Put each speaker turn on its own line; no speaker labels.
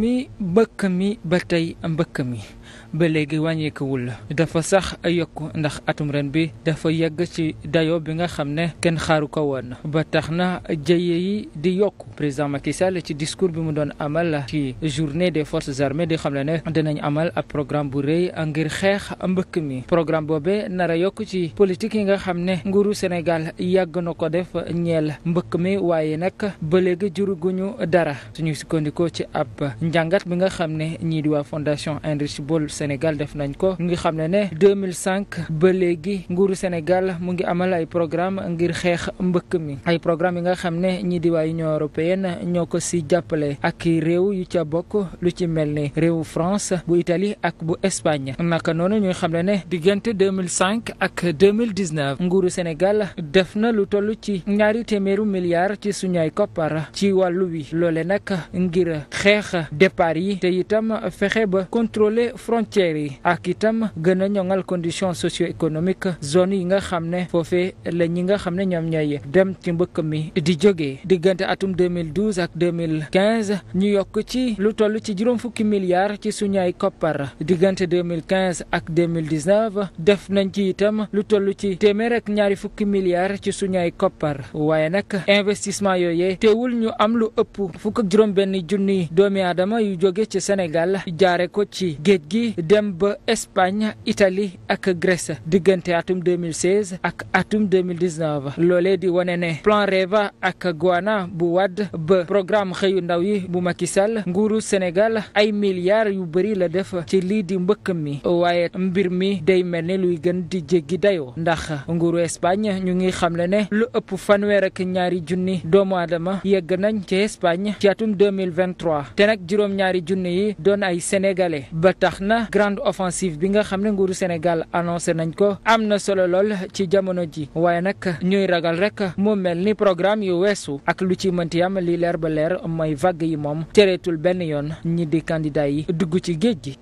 mi mbëkk mi ba tey mbëkk mi ba léegi wàññeekuwul dafa sax yokku ndax atum ren bi dafa yegg ci dayo bi nga xam ne kenn xaaru ko woon ba tax na jëye yi di yokku président Macky Sall ci discours bi mu doon amal ci journée des forces armées di xam le ne dinañ amal ab programme bu rëy ngir xeex mbëkk mi programme boobe nara yokk ci politique yi nga xam ne nguuru Sénégal yàgg na ko def ñeel mbëkk mi waaye nag ba léegi juruguñu dara suñu sukkandikoo ci ab njàngat bi nga xam ne ñii di waa football Sénégal def nañ ko ñu ngi xam ne ne 2005 ba léegi nguuru Sénégal mu ngi amal ay programme ngir xeex mbëkk mi ay programme yi nga xam ne ñi di waa Union européenne ñoo ko si jàppale ak réew yu ca bokk lu ci mel ni réewu France bu Italie ak bu Espagne naka noonu ñuy xam ne ne diggante 2005 ak 2019 nguuru Sénégal def na lu toll ci ñaari téeméeru milliards ci suñu ay koppar ci wàllu wi loole nag ngir xeex départ yi te itam fexe ba contrôler frontières yi ak itam gën a ñoŋal condition socio-économique zone yi nga xam ne foofe la ñi nga xam ne ñoom ñooy dem ci mbëkk mi di jógee diggante atum 2012 ak 2015 ñu yokk ci lu toll ci juróom fukki milliards ci suñu ay koppar diggante 2015 ak 2019 def nañ ci itam lu toll ci téeméer ak ñaari fukki milliards ci suñu ay koppar waaye nag investissement yooyee teewul ñu am lu ëpp fukk ak juróom benn junni doomi aadama yu jóge ci Sénégal jaare ko ci géej gi gi dem ba Espagne Italie ak Grèce diggante atum 2016 ak atum 2019 loolee di wane ne plan REVA ak Goana bu wadd ba programme xëyu ndaw yi bu Macky Sall nguuru Sénégal ay milliards yu bëri la def ci lii di mbëkk mi waaye mbir mi day mel ni luy gën di jéggi dayoo ndax nguuru Espagne ñu ngi xamle ne lu ëpp fanweer ak ñaari junni doomu aadama yegg nañ ci Espagne ci atum 2023 te nag juróom-ñaari junni yi doon ay sénégalais ba tax na grande offensive bi nga xam ne nguuru Sénégal annoncé nañ ko am na solo lool ci jamono ji waaye nag ñuy ragal rek moo mel ni programme yu weesu ak lu ci mënti am li leer ba leer mooy vague yi moom tereetul benn yoon ñi di candidat yi dugg ci géej gi.